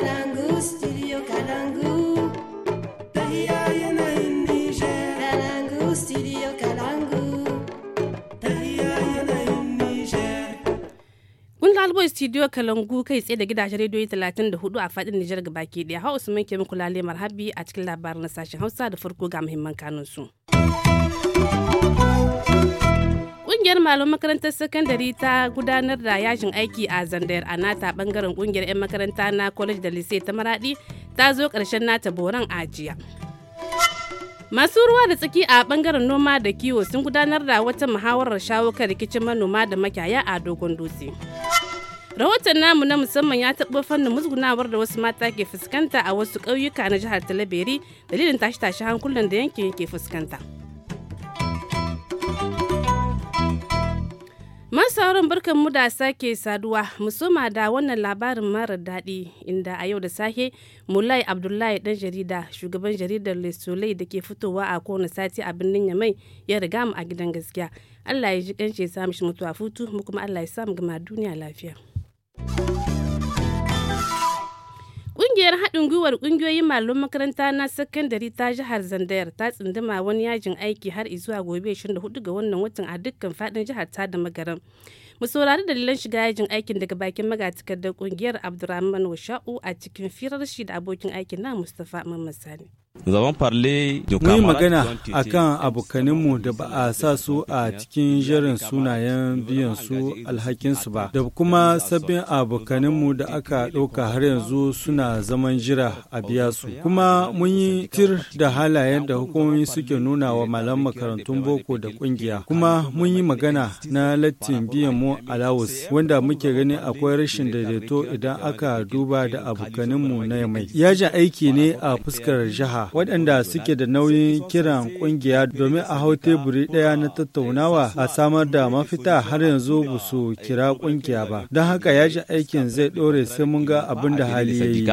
Kalangu, studio Kalangu. Kalangu, studio Kalangu. kai tsaye da gidajen rediyoyi 34 a fadin Nijar baki daya. Hausa mun ke muku lalemar habi a cikin labarin sashen Hausa da farko ga muhimman kanunsu. Kungiyar malam makarantar sakandare ta gudanar da yashin aiki a Zandayar a nata bangaren kungiyar 'yan makaranta na College da Lise ta Maradi ta zo karshen nata boran ajiya. Masu ruwa da tsaki a bangaren noma da kiwo sun gudanar da wata muhawarar shawo kan rikicin manoma da makyaya a dogon dutse. Rahoton namu na musamman ya taɓa fannin musgunawar da wasu mata ke fuskanta a wasu ƙauyuka na jihar Talabiri dalilin tashi-tashi hankulan da yankin ke fuskanta. Masauran barkan mu da sake saduwa musoma da wannan labarin mara daɗi inda a yau da sahe Mulai Abdullahi ɗan jarida shugaban jaridar Le da ke fitowa a kowane sati a birnin Yamai ya riga mu a gidan gaskiya. Allah ya ji kance ya samu shi mutuwa futu mu kuma Allah ya samu gama duniya lafiya. kungiyar haɗin gwiwar ƙungiyoyin malaman makaranta na sakandare ta jihar Zandayar ta tsindima wani yajin aiki har izuwa gobe 24 ga wannan watan a dukkan faɗin jihar ta da magaran. Mu saurari dalilan shiga yajin aikin daga bakin magatakardar ƙungiyar Abdurrahman Washa'u a cikin firar shi da abokin aikin na Mustapha Mamman Sani. Mun yi magana a kan abokaninmu da ba a sa su a cikin jerin sunayen biyan su alhakinsu ba, da kuma sabbin abokaninmu da aka ɗauka har yanzu suna zaman jira a biya su. Kuma mun yi tir da halayen da hukumomi suke nuna wa malam makarantun boko da ƙungiya. Kuma mun yi magana na lattin biyan mu alawus, wanda muke gani akwai rashin daidaito idan aka duba da abokaninmu na yamai. Yajin aiki ne a fuskar jiha waɗanda suke da nauyin kiran ƙungiya domin a hau teburi ɗaya na tattaunawa a samar da mafita har yanzu ba su kira ƙungiya ba. Don haka yajin aikin zai ɗore sai mun ga abin da hali ya yi.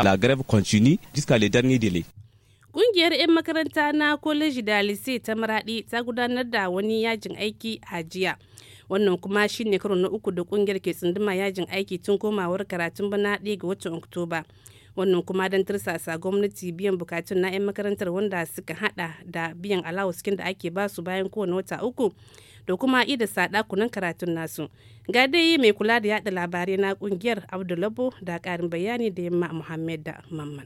Ƙungiyar 'yan makaranta na Koleji da Lise ta Maraɗi ta gudanar da wani yajin aiki a jiya. wannan kuma shine karo na uku da ƙungiyar ke tsunduma yajin aiki tun komawar karatun bana ɗaya ga watan oktoba wannan kuma don tirsasa gwamnati biyan bukatun na 'yan makarantar wanda suka hada da biyan alawuskin da ake su bayan kowane wata uku da kuma ida sada kunan karatun nasu ga dai mai kula da yada labarai na kungiyar abdulabo da karin bayani da yamma muhammad da mamman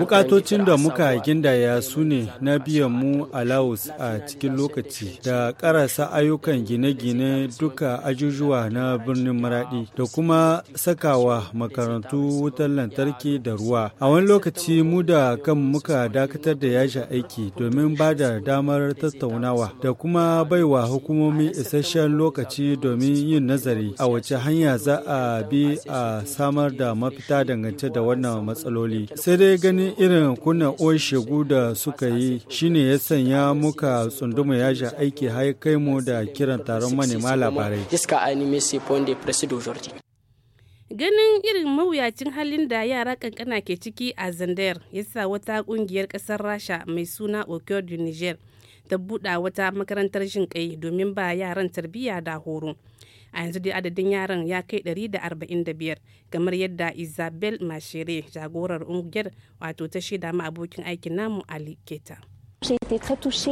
Bukatocin da muka gindaya su ne na biyan mu a Laos a cikin lokaci da karasa ayyukan gine-gine duka ajujuwa na birnin maradi da kuma sakawa makarantu wutar lantarki da ruwa. A wani lokaci mu da kan muka dakatar da yashi aiki domin ba da damar tattaunawa da kuma baiwa hukumomi isasshen lokaci domin yin nazari a wace hanya za a bi a samar da mafita dangance da wani wannan matsaloli sai dai ganin irin kunna uwar shegu da suka yi shine ya sanya muka tsunduma ya sha aiki har kai mu da kiran taron manema labarai ganin irin mawuyacin halin da yara kankana ke ciki a zandayar ya sa wata kungiyar kasar rasha mai suna okio du niger ta buɗa wata makarantar shinkai domin ba yaran tarbiyya da horo a yanzu dai adadin yaran ya kai 145 kamar yadda isabel mashere jagorar ungiyar wato ta shida ma abokin aikin namu ali keta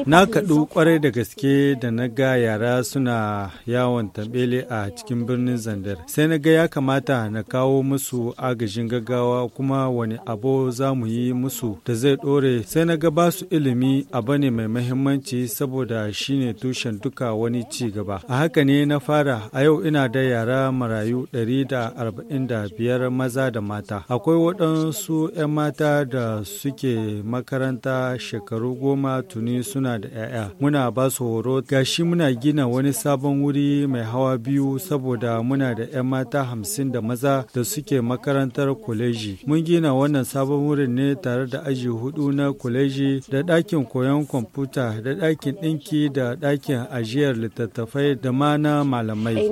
Na kaɗu kwarai da gaske da na ga yara suna yawon tambele a cikin birnin Zandar. Sai na ga ya kamata na kawo musu agajin gaggawa kuma wani abu za mu yi musu da zai ɗore. Sai na ga ba su ilimi a bane mai mahimmanci saboda shine tushen duka wani ci gaba. A haka ne na fara a yau ina da yara marayu ɗari da da arba'in biyar maza da mata. Akwai waɗansu 'yan mata da suke makaranta shekaru goma ma tuni suna da 'ya'ya muna ba su horo gashi muna gina wani sabon wuri mai hawa biyu saboda muna da 'yan mata hamsin da maza da suke makarantar kwaleji mun gina wannan sabon wurin ne tare da aji hudu na kwaleji da ɗakin koyon kwamfuta da ɗakin ɗinki da ɗakin ajiyar littattafai da ma na malamai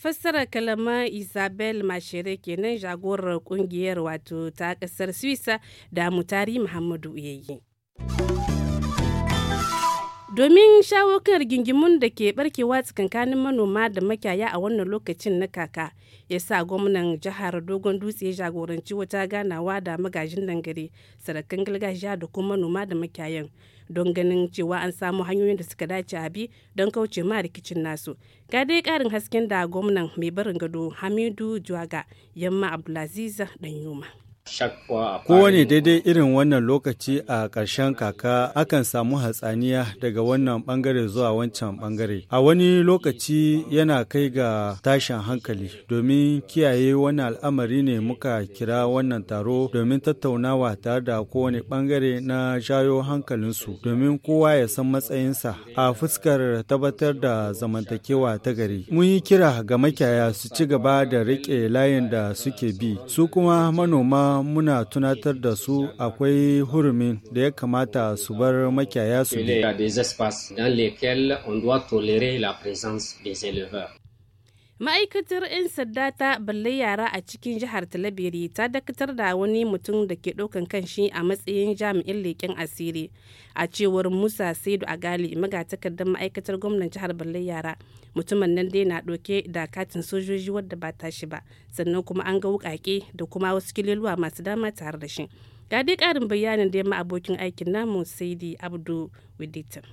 fassara kalama isabel mashere kenan jagorar kungiyar wato ta kasar suisa da mutari muhammadu yayi domin shawo kan rigingimun da ke barkewa tsakankanin manoma da makyaya a wannan lokacin na kaka ya sa gwamnan jihar dogon dutse ya jagoranci wata ganawa da magajin dangare sarakan gargajiya da kuma manoma da makyayan don ganin cewa an samu hanyoyin da suka dace a bi don kauce ma rikicin nasu ga dai karin hasken da gwamnan mai barin gado hamidu juwaga yamma abdulaziz danyuma Kowane daidai irin wannan lokaci a ƙarshen kaka akan samu hatsaniya daga wannan ɓangare zuwa wancan ɓangare. A wani lokaci yana kai ga tashin hankali domin kiyaye wani al'amari ne muka kira wannan taro domin tattaunawa tare da kowane ɓangare na jayo hankalinsu domin kowa ya san matsayinsa a fuskar tabbatar da zamantakewa ta gari. Mun yi kira ga makiyaya su ci gaba da riƙe layin da suke bi, su kuma manoma muna tunatar da su akwai hurumin da ya kamata su bar makiyaya su bi. ma'aikatar 'yan sadda ta balle yara a cikin jihar talabiri ta dakatar da wani mutum da ke ɗaukan kanshi a matsayin jami'in leƙen asiri a cewar musa saidu a agali magatakardar ma'aikatar gwamnan jihar balle yara mutumin nan dai na ɗauke da katin sojoji wadda ba ta shi ba sannan kuma an ga wukake da kuma wasu kililuwa masu dama tare da shi ga dai ƙarin bayanin da ma abokin aikin namu saidi abdu widitan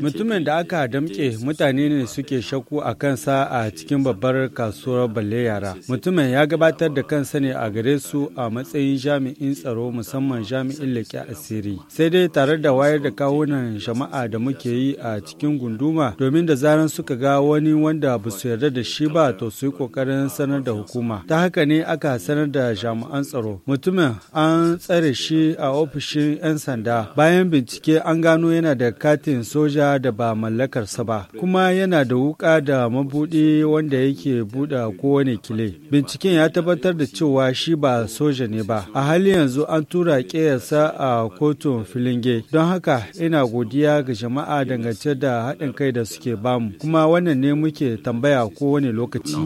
Mutumin da aka damke mutane ne suke shakku a kansa a cikin babbar kasuwar balle yara. Mutumin ya gabatar da kansa ne a gare su a matsayin jami'in tsaro musamman jami'in leƙi asiri. Sai dai tare da wayar da kawunan jama'a da muke yi a cikin gunduma domin da zaran suka ga wani wanda ba su yarda da shi ba to su yi ƙoƙarin sanar da hukuma. Ta haka ne aka sanar da jami'an tsaro. Mutumin an tsare shi a ofishin 'yan sanda. Bayan bincike an gano yana yana da katin soja da ba mallakarsa ba, kuma yana da wuka da mabuɗi wanda yake buɗe kowane kile. Binciken ya tabbatar da cewa shi ba soja ne ba. A hali yanzu an tura ƙeyarsa a kotun Filinge. Don haka ina godiya ga jama'a dangance da haɗin kai da suke bamu. Kuma wannan ne muke tambaya kowane lokaci.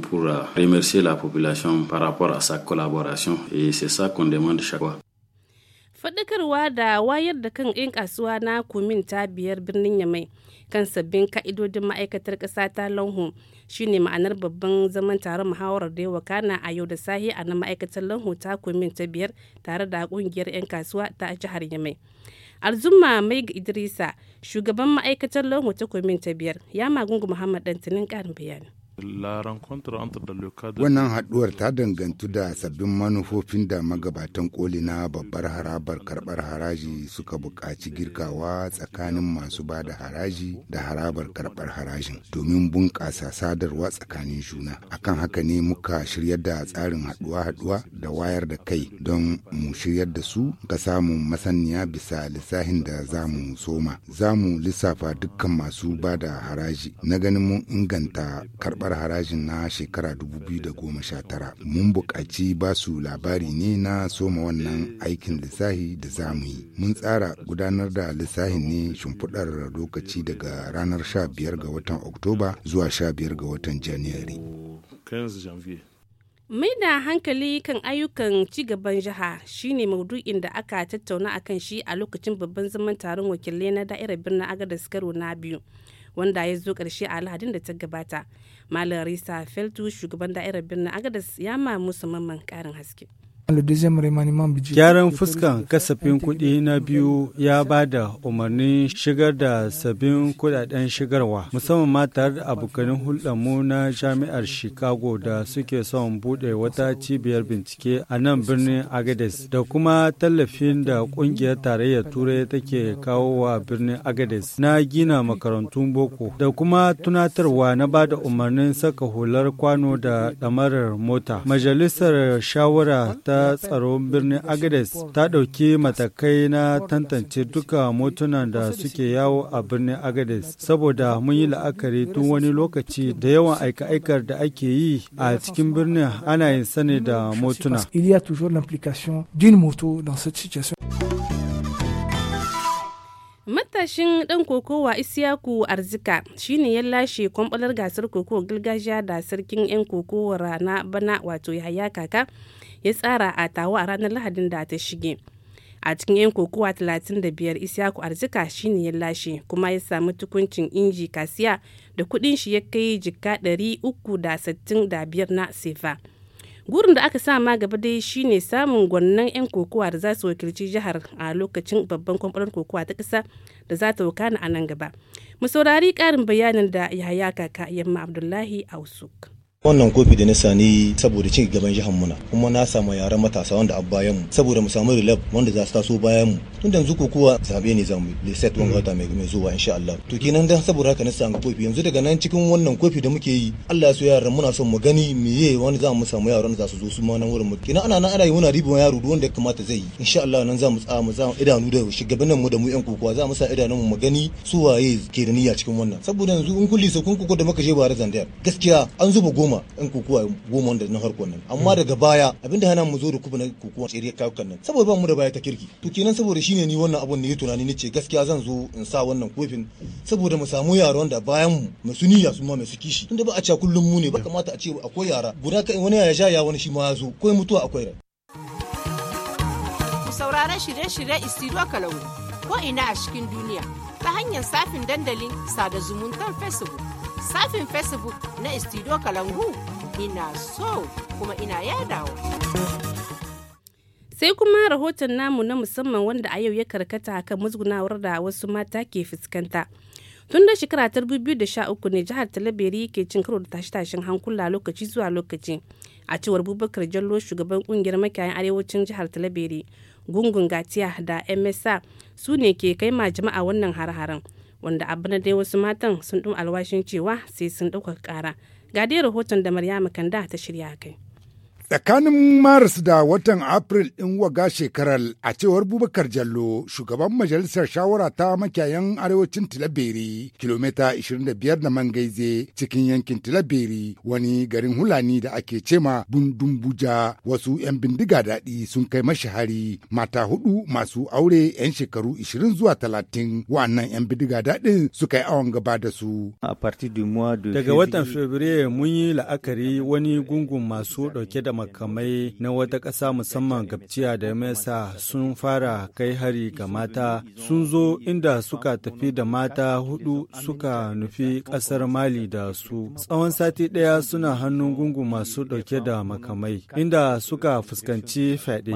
pour remercier la population par faɗakarwa da wayar da kan 'yan kasuwa na kumin ta biyar birnin yamai kan sabbin ka'idodin ma'aikatar ƙasa ta lanhu shine ma'anar babban zaman taron muhawarar da yawa kana a yau da sahi a nan ma'aikatar lanhu ta kumin ta biyar tare da ƙungiyar 'yan kasuwa ta jihar yamai arzuma mai idrisa shugaban ma'aikatar lanhu ta kumin ta biyar ya magungu muhammad ɗantinin ƙarin bayani Wannan haɗuwar ta dangantu da sabbin manufofin da magabatan koli na babbar harabar karɓar haraji suka buƙaci girkawa tsakanin masu ba da haraji da harabar karɓar harajin domin bunƙasa sadarwa tsakanin juna. Akan haka ne muka shiryar da tsarin haɗuwa-haɗuwa da wayar da kai don mu shiryar da su ga samun masaniya bisa lissafin da za mu soma. Za mu lissafa dukkan masu ba da haraji na ganin mun inganta karɓar karɓar harajin na shekara 2019 mun buƙaci ba su labari ne na soma wannan aikin lissahi da za mu yi mun tsara gudanar da lissahin ne shimfiɗar lokaci daga ranar 15 ga watan oktoba zuwa 15 ga watan janairu mai da hankali kan ayyukan cigaban jiha shine maudu'in da aka tattauna kan shi a lokacin babban zaman taron wakilai na da'irar birnin agadar karo na biyu wanda ya zo karshe a lahadin da ta gabata malam risa feltu shugaban da'irar birnin agadas ya ma musu mamman karin haske Gyaran fuskan kasafin kuɗi na biyu ya ba da umarnin shigar da sabbin kudaden shigarwa, musamman ma tare da abokanin hulɗarmu na jami'ar Chicago da suke son buɗe wata cibiyar bincike a nan birnin Agades da kuma tallafin da ƙungiyar tarayyar Turai take kawo wa birnin Agades na gina makarantun boko da kuma tunatarwa na ba da umarnin saka hular kwano da ɗamarar mota. Majalisar shawara ta ta tsaron birnin Agades ta ɗauki matakai na tantance duka motunan da suke yawo a birnin Agades saboda mun yi la'akari tun wani lokaci da yawan aika-aikar da ake yi a cikin birnin ana yin sani da motuna. matashin ɗan kokowa isiyaku arzika shi ne ya lashe kwamfalar gasar koko gargajiya da sarkin 'yan kokowar rana bana wato yahaya kaka ya tsara a tawo a ranar lahadin da ta shige a cikin 'yan kokowa 35 isyaku arzika shine ya lashe kuma ya samu tukuncin inji kasiya da kudin shi ya kai jika 365 na sefa gurin da aka sama gaba dai shine samun gwannan 'yan kokowa da za su wakilci jihar a lokacin babban kwamfanin kokowa ta ƙasa da za ta wakana a nan gaba mu saurari ƙarin bayanin da yaya kaka yamma abdullahi ausuk wannan kofi da na sani saboda cin gaban jihar muna kuma na samu yaren matasa wanda a bayan mu saboda mu samu rilab wanda za su taso bayan mu tun yanzu ko kowa zabe ne zamu le set wanga wata mai zuwa insha Allah to kenan dan saboda haka na sanga kofi yanzu daga nan cikin wannan kofi da muke yi Allah ya so yaran muna son mu gani meye wani za mu samu yaran za su zo su ma nan wurin mu kenan ana nan ana yi muna ribon yaro duk wanda ya kamata zai yi insha Allah nan za mu tsaya mu za idanu da nan mu da mu yan kokowa za mu sa idanun mu gani su waye ke da niyya cikin wannan saboda yanzu in kulli kun koko da muka je bare zandar gaskiya an zuba goma yan kokowa goma wanda na harkon nan amma daga baya abinda hana mu zo da kuma na kokowa tsere kawukan nan saboda ba mu da baya ta kirki to kenan saboda shi ne ni wannan abun da ya tunani ni ce gaskiya zan zo in sa wannan kofin saboda mu samu yaran da bayan mu masu niyya su ma masu kishi tunda ba a ce kullum mu ne ba kamata a ce akwai yara guda kai wani ya sha ya wani shi ma ya zo ko mutuwa akwai rai ku sauraron shirye-shirye istiro kalau ko ina a cikin duniya ta hanyar safin dandalin sada zumuntar facebook safin facebook na istiro kalangu ina so kuma ina yadawa. sai kuma rahoton namu na musamman wanda a yau ya karkata kan musgunawar da wasu mata ke fuskanta tun da shekara ta 2013 ne jihar talabiri ke cin karo da tashe-tashen hankula lokaci zuwa lokaci a cewar bubakar jallo shugaban kungiyar makiyayan arewacin jihar talabiri gungun gatiya da msa su ne ke kai ma jama'a wannan har-haren wanda abu na dai wasu matan sun ɗum alwashin cewa sai sun ɗauka ƙara ga dai rahoton da maryama kanda ta shirya kai Tsakanin Maris da watan Afril ɗin waga shekarar a cewar Bubakar Jallo, shugaban majalisar shawara ta makiyayan arewacin Tilaberi, kilomita 25 da Mangaize cikin yankin Tilaberi, wani garin Hulani da ake cema Bundumbuja, wasu 'yan bindiga daɗi sun kai mashi hari, mata hudu masu aure 'yan shekaru 20 zuwa 30, wa'annan 'yan bindiga daɗin suka yi awon gaba da su. Daga watan Fabrairu mun yi la'akari wani gungun masu ɗauke da makamai na wata ƙasa musamman gabciya da mesa sun fara kai hari ga mata sun zo inda suka tafi da mata hudu suka nufi ƙasar mali da su tsawon sati ɗaya suna hannun gungu masu ɗauke da makamai inda suka fuskanci fyaɗe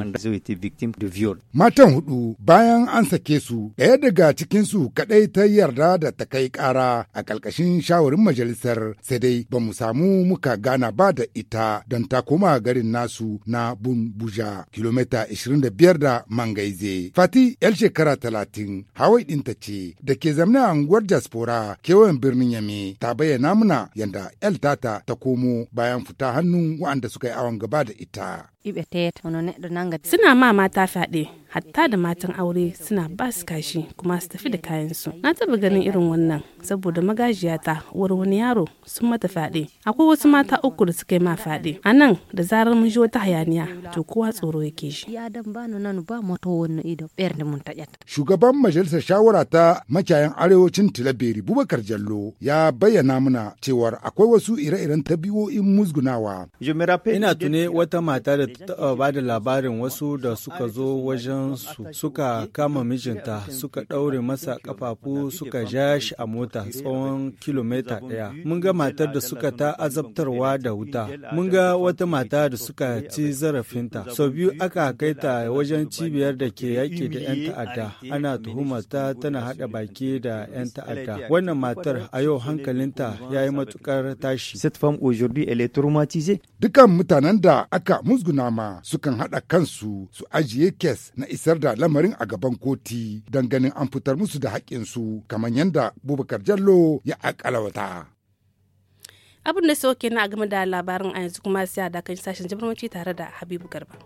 matan hudu bayan an sake su ɗaya daga cikinsu kaɗai ta yarda da ta kai ƙara a ƙarƙashin shawarin majalisar sai dai ba mu samu muka gana ba da ita don ta koma garin nasu na Bumbuja kilomita 25 da Mangaize. Fati yar shekara 30 hawai ɗinta ce da ke zamne a unguwar Jaspora kewayen birnin Yame ta bayyana muna yanda yal tata ta komo bayan fita hannun waɗanda suka yi awon gaba da ita. Suna ma mata fyaɗe, hatta da matan aure suna ba su kashi kuma su tafi da kayansu. Na taɓa ganin irin wannan saboda magajiyata uwar wani yaro sun mata fyaɗe. Akwai wasu mata uku da suka yi ma fyaɗe. A nan da zarar mun ji wata hayaniya to kowa tsoro yake shi. Shugaban majalisar shawara ta makiyayan arewacin Tilaberi Bubakar Jallo ya bayyana mana cewar akwai wasu ire-iren tabi'o'in musgunawa. Ina tune wata mata da taɓa ba da labarin wasu da suka zo wajen su suka kama mijinta suka ɗaure masa ƙafafu suka ja shi a mota tsawon kilomita ɗaya. Mun ga matar da suka ta azabtarwa da wuta. Mun ga wata mata da suka ci zarafinta. Sau biyu aka kai ta wajen cibiyar da ke yaƙi da 'yan ta'adda. Ana tuhumarta tana haɗa baki da 'yan ta'adda. Wannan matar a yau hankalinta ya yi matuƙar tashi. Cette femme aujourd'hui elle est Dukan mutanen da aka musguna ma sukan haɗa kansu su ajiye kes na isar da lamarin a gaban koti don ganin an fitar musu da haƙƙinsu kamar yadda Bubakar Jallo ya aƙalawata Abin da sauke na game da labarin a yanzu kuma sai a dakan sashen jibarmaci tare da Habibu Garba.